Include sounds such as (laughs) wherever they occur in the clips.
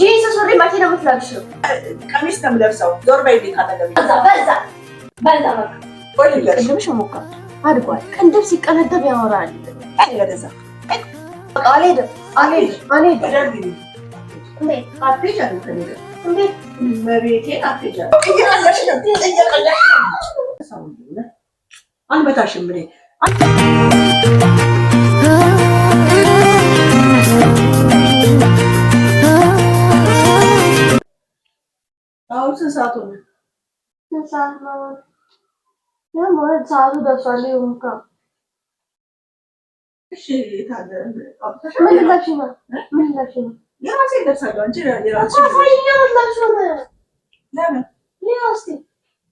ጂሰስ (laughs) ወሬ መቼ ነው የምትለብሺው? ቀሚስ ነው የምለብሰው። ዞር በይ ቤት አጠገብ በዛ በዛ ቅድምሽ ሞከር አድጓል። ቅንድብ ሲቀነደብ ያወራል። ወደዛ አልሄድም አልሄድም አልሄድም አንበታሽም እኔ ሰዓት ሆነ? ሰዓቱ ደርሷል።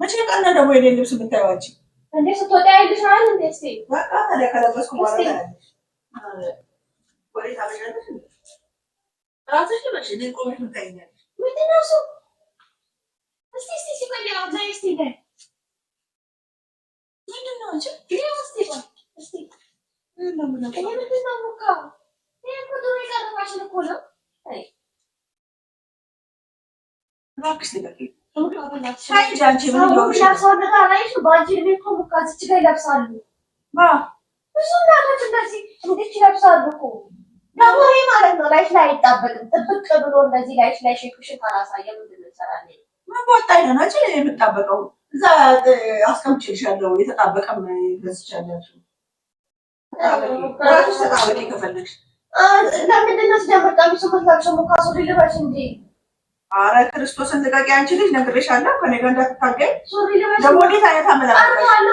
መቼ ቀን ነው ደግሞ የእኔን ልብስ የምታይው አንቺ? እንደ ስትወጣ ያይልሻል። እንደ እስኪ በቃ ታዲያ ከለበስኩ በኋላ እራስሽ ልበሽ። እኔን ቆመሽ ምን ምንድን ነው እሱ Steve Steve'den gel Altay Steve'e. Duydun ne olacak? Biliyor musun Steve? Steve. Bilmem bunu. Ele mi bilmem bu kal. Benim kuduğum ilk adım başını koydum. Hayır. Bak işte. Hayır çerçevenin görüşü. Lapsarda da arayışı bacı bir komuk kazı çıkay lapsarda. Bak. ብዙም ዳቶች እንደዚህ ለብሰው አድርጎ ደግሞ ይህ ማለት ነው። ላይሽ ላይ አይጣበቅም። ጥብቅ ብሎ እንደዚህ ላይሽ ላይ ሼክሽን ካላሳየ ምንድን እንሰራለን? ምን በወጣ ይደናች የምጣበቀው እዛ አስቀምጬልሻለሁ። የተጣበቀም ገዝቻላችሁ ተጣበቂ ከፈለግሽ። አረ ክርስቶስን ልቀቂ። አንቺ ልጅ ነግሬሻለሁ፣ ከኔ ጋር እንዳትታገኝ። ደግሞ እንዴት አይነት አመላለስሽ!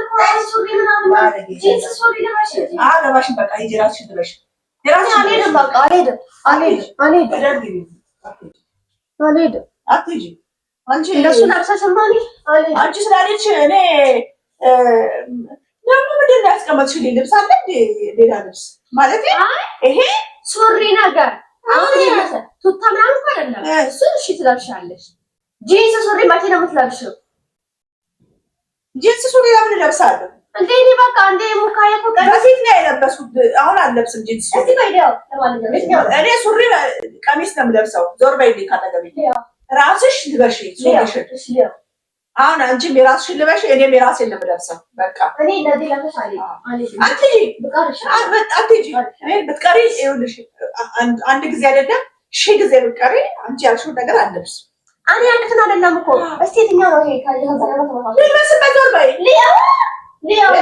በቃ ሂጂ እራስሽን ትበሽ። አልሄድም፣ አልሄድም፣ አልሄድም፣ አልሄድም፣ አልሄድም። አንቺ እንደሱ ለብሰሽማ አንቺ ስላለች እኔ ደግሞ ምንድን ነው ያስቀመጥሽልኝ ልብስ አለ ሌላ ልብስ ማለት ይሄ ሱሪ ነገር ቱታ ምናምን እኮ አይደለም እሱ። እሺ ትለብሻለሽ። ጂንስ ሱሪ መቼ ነው የምትለብሽው? ጂንስ ሱሪ ለምን እለብሳለሁ? እንደ በቃ እንደ ሙካዬ እኮ በፊት ነው የለበስኩት። አሁን አለብስም ጂንስ ሱሪ። እኔ ሱሪ ቀሚስ ነው የምለብሰው። ዞር በይልኝ ካጠገቤ ራስሽ ልበሽ ሱሪሽን። አሁን አንቺም የራስሽ ልበሽ፣ እኔም የራሴን ልብለብሰው። በቃ አትሄጂ። ብትቀሪ ይኸውልሽ አንድ ጊዜ አይደለም ሺህ ጊዜ ብትቀሪ አንቺ ያልሽውን ነገር አለብስ እኔ ያልኩትን አይደለም እኮ እስቲ የትኛው ነው ይሄ? ካለ ወር በይ ሊያው ሊያው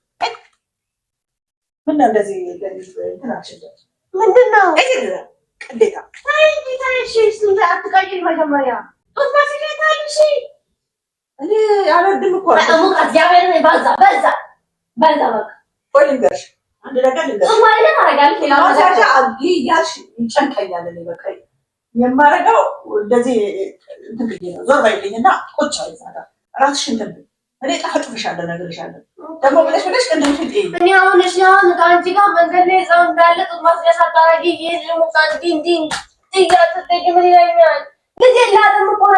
ምነው እንደዚህ ምንድን ነው ቅሌታ መጀመሪያ እኔ አልወድም እኮ የማደርገው እንደዚህ ዞር በይልኝና ቁጭ እራስሽን እኔ ጣጥብሻለሁ፣ እነግርሻለሁ ደግሞ ብለሽ ብለሽ እኔ አሁን እሺ፣ አሁን ከአንቺ ጋር መንገድ ላይ እዛው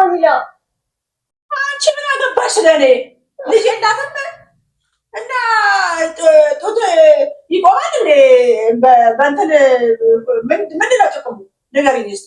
እንዳለ አንቺ ምን አገባሽ ለእኔ ልጅ የላትም እና ጡት ይቆማል እንዴ? በእንትን ምንድን ነው ጥቅሙ? ንገሪኝ እስኪ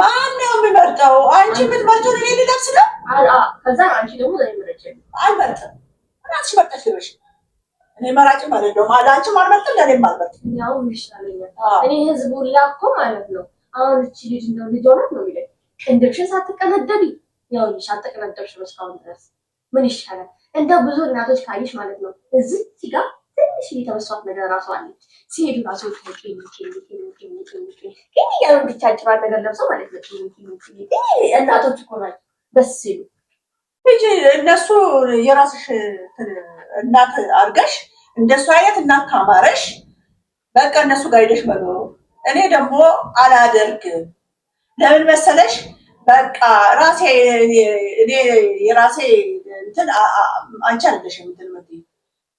ማን ነው የሚመርጠው? አንቺ የምትመርጪው እኔ ልለብስ ነው። ከዛ አንቺ ደግሞ አልመርጥም፣ ራስሽ መርጠሽ ልበሽ። እኔ መራጭም አይደለሁም፣ ለአንቺም አልመርጥም፣ ለእኔም አልመርጥም። እኔ ህዝብ ሁላ ማለት ነው አሁን እቺ ልጅ እንደው ልጅ ሆናት ነው የሚለኝ። ቅንድብሽን ሳትቀነደቢ ያው ልጅ አልተቀነደብሽም እስካሁን ድረስ ምን ይሻላል? እንደው ብዙ እናቶች ካየሽ ማለት ነው እዚህ ጋር ትንሽ የተመሷት ነገር ራሷ አለች። ሲሄዱ ራሱ ግን እያሉ ብቻ ነገር ለብሰው ማለት ነው። እናቶች እኮ ናቸው ደስ ሲሉ እነሱ የራስሽ እናት አድርገሽ እንደሱ አይነት እናት ካማረሽ በቃ እነሱ ጋር ሄደሽ መኖሩ። እኔ ደግሞ አላደርግም። ለምን መሰለሽ? በቃ ራሴ እኔ የራሴ እንትን አንቺ አለሽ ምትል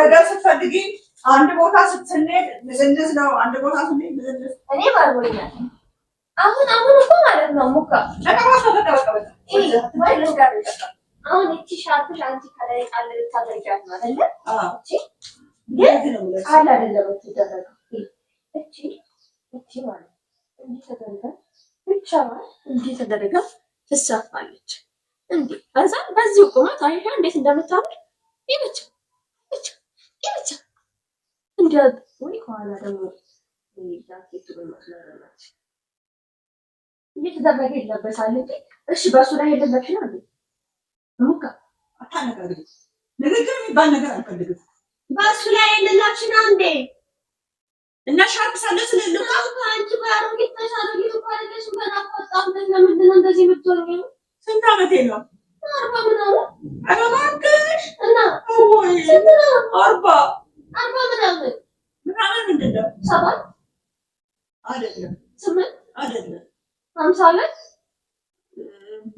ነገር ስትፈልጊ አንድ ቦታ ነው። አንድ ቦታ እኔ አሁን አሁን እኮ ማለት ነው ሙካ አሁን እቺ ሻርፕሽ አንቺ ከላይ ቃል ልታደርጊያት ነው አይደለ? ግን አይደለም እቺ እቺ ማለት እንዲህ ብቻ እንዲህ ትሳፋለች። እንዲህ ከዛ በዚህ ቁመት አይሻ እንዴት እንደምታምር ይህ ብቻ ብቻ ይህ ብቻ ላይ የለለች ነው እና ሻርፕ ሳለ ስለልማ አንቺ ባሮጌት ተሻሮጌት እንደዚህ የምትሆነው? ስንት አመቴ ነው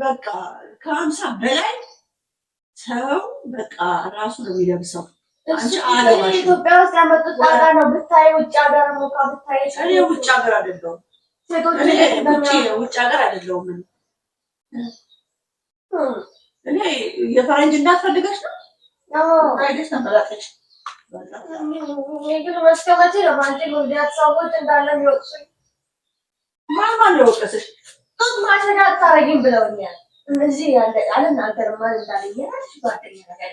በቃ ከሀምሳ በላይ ሰው በቃ ራሱ ነው የሚለብሰው። ኢትዮጵያ ውስጥ ያመጡት ጣጣ ነው ብታይ። ውጭ ሀገር ሞካ ብታይ። እኔ ውጭ ሀገር አይደለሁም፣ ውጭ ሀገር አይደለሁም። እኔ የፈረንጅ እንዳትፈልገች ነው አይደሽ? ተመላጠች ምግብ መስከመቼ ነው ሰዎች እንዳለ ማን ማን ጡት ማሸት አታረጊም ብለውኛል። እዚህ ያለ ቃል እናገር ማን እንዳለ ጓደኛ ነገር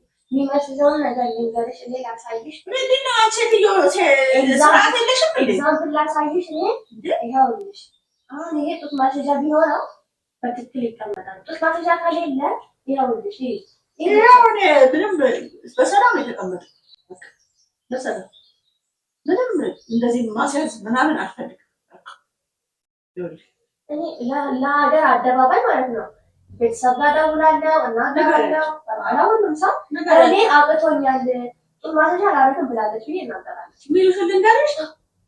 የሚመስለውን ነገር ልንገርሽ፣ እኔ ላሳይሽ። ምንድን ነው አንቺ ስርዓት የለሽም? ኤግዛምፕል ላሳይሽ። እኔ ይኸውልሽ፣ አሁን ይሄ ጡት ማስያዣ ቢሆነው በትክክል ይቀመጣል። ጡት ማስያዣ ከሌለ ይኸውልሽ፣ ምንም በሰላም የተቀመጠ በሰላም ምንም እንደዚህ ማስያዝ ምናምን አልፈልግም። ለሀገር አደባባይ ማለት ነው ቤተሰብ ጋር እደውላለሁ እናገራለሁ። ሁሉም ሰው እኔ አቅቶኛል ጥሩ ማስረጃ ብላለች ብዬ እናገራለች። ሚሉሽን ልንገርሽ፣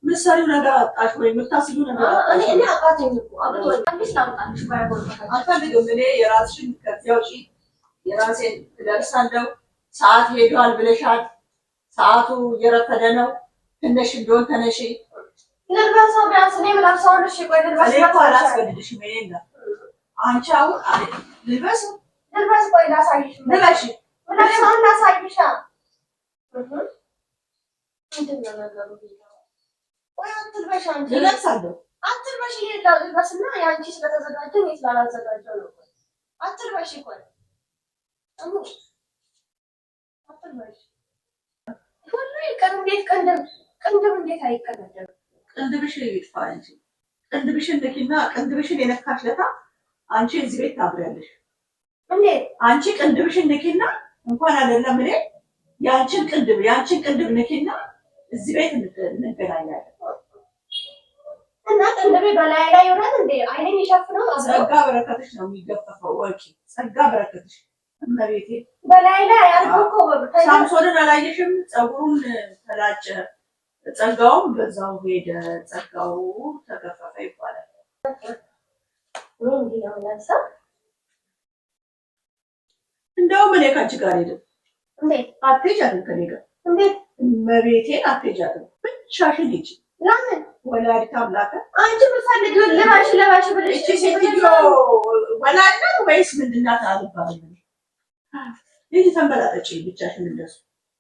ምሰሪው ነገር አጣሽ ወይ የምታስቢው ነገር እኔ አቃተኝ እኮ ላምጣልሽ አልፈልግም። እኔ የራስሽን ከዚያ የራሴን እደርሳለሁ። ሰዓት ሄዷል ብለሻል። ሰዓቱ እየረፈደ ነው። ትንሽ እንደሆን ተነሺ ልልበሳ ቢያንስ እኔ ምለብሰውን ቆይ ልልበስ አላስገድድሽም ሜ ጋር አንቺ አሁን ልልበስ ልልበስ፣ ቆይ ላሳይሽ። ልበሽ ምናምን ላሳይሻ። ቆይ አትልበሽ፣ አንቺ ልለብሳለሁ። አትልበሽ፣ የአንቺ ስለተዘጋጀ እኔ ስላላዘጋጀው ነው። አትልበሽ፣ ቆይ አትልበሽ። ሁሉ ይቀር። ቅንድብ ቅንድብ እንዴት አይቀደደም? ቅንድብሽ ይጥፋ እንጂ ቅንድብሽን ልኪና ቅንድብሽን የነካሽ ለታ አንቺ እዚህ ቤት ታብሪያለሽ። እንዴት አንቺ ቅንድብሽን ንኪና እንኳን አይደለም እኔ ያንቺን ቅንድብ ያንቺን ቅንድብ ንኪና እዚህ ቤት እንገናኛለን። እና ቅንድቤ በላይ ላይ ይሆናል እንዴ? አይኔን ይሸፍነው። ጸጋ በረከትሽ ነው የሚገፈፈው። ወቂ ጸጋ በረከትሽ እመቤቴ። በላይ ላይ አልኮኮ ሳምሶንን አላየሽም? ጸጉሩን ተላጨ፣ ጸጋውም በዛው ሄደ፣ ጸጋው ተገፈፈ ይባላል። እንደውም እኔ ካንቺ ጋር አልሄድም። እንዴት አትሄጃትም? ከኔ ጋር እንዴት? መቤቴን አትሄጃትም። ብቻሽን ሂጂ። ለምን? ወላድ ታምላከ አንቺ ምሳለድ ለባሽ ለባሽ ብለሽ ሴትዮ ወላድ ነው ወይስ ምንድን ናት? ልጅ ተንበላጠጭ ብቻሽን እንደሱ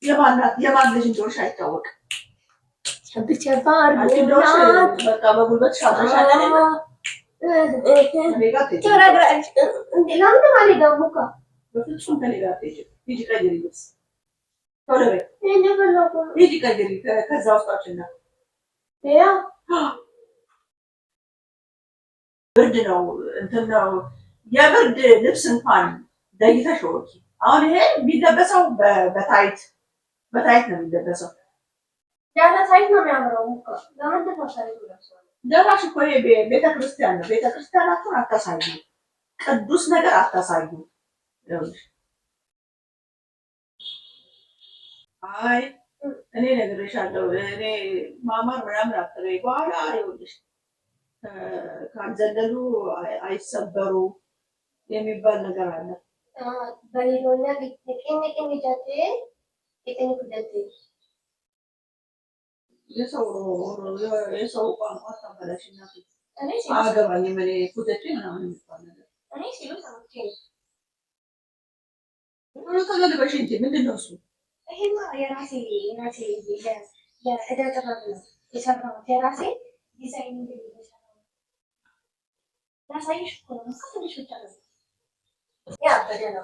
የባላት የባል ልጅ እንደሆንሽ አይታወቅም። ብቻ ባር በቃ በጉልበት ሻሻሻለ ብርድ ነው እንትን ነው የብርድ ልብስ እንኳን ለይተሽ ወቂ። አሁን ይሄ የሚለበሰው በታይት በታይት ነው የሚለበሰው። ያለ ታይት ነው የሚያምረው። ለምንድን ነው ታይት ለብሰው ደራሽ እኮ ይሄ ቤተክርስቲያን ነው። ቤተክርስቲያናችሁን አታሳዩ፣ ቅዱስ ነገር አታሳዩ። አይ እኔ ነግሬሻለሁ። እኔ ማማር ምናምን አትበይ። በኋላ ይኸውልሽ ካልዘለሉ አይሰበሩ የሚባል ነገር አለ። የሰው የሰው ቋንቋ ታበላሽ እና አገባኝም እኔ ምናምን የሚባል ነገር ተገልበሽ እንጂ ምንድን ነው እሱ? ይሄማ የራሴ ናቴ የእደ ጥበብ ነው የሰራሁት የራሴ ዲዛይኒንግ ላሳይሽ እኮ ነው። ትንሽ ብቻ ነው ያበደ ነው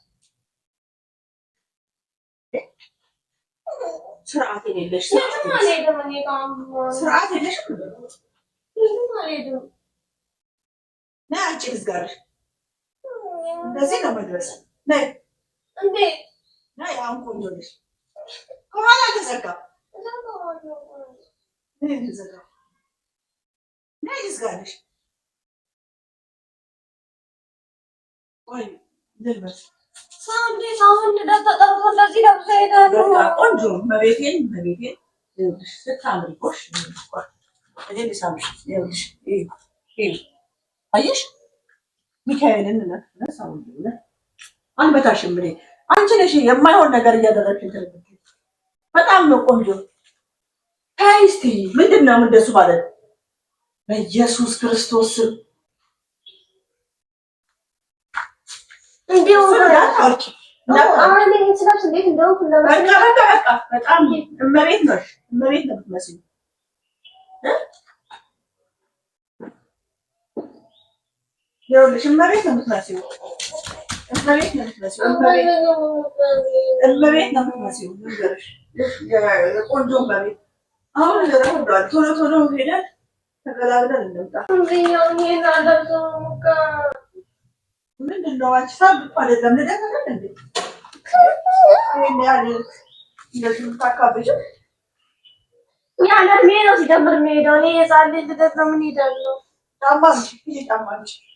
ስርዓቴን የለሽ የትም አልሄድም። እኔ ጋር ስርዓት የለሽም። የትም አልሄድም። ነይ አንቺ ልዝጋልሽ። እንደዚህ ነው መድረስ። ነይ እንዴ! ነይ አሁን ቆንጆ ነሽ። ከኋላ ተዘጋ። ነይ ተዘጋ። ነይ ልዝጋልሽ። ቆይ ልልበስ ቆንጆ መቤቴን መቤቴን ስታምሪቆሽ አየሽ፣ ሚካኤልን አንበታሽም እኔ አንቺ ነሽ የማይሆን ነገር እያደረግሽ በጣም ነው ቆንጆ። ተይ እስኪ ምንድን ነው እንደሱ ማለት በኢየሱስ ክርስቶስ ስም? ቶሎ ቶሎ ሄደን ተገላግለን እንምጣ። ያለ እድሜ ነው ሲደምር የሚሄደው። እኔ የጻን ልደት ነው የምንሄደው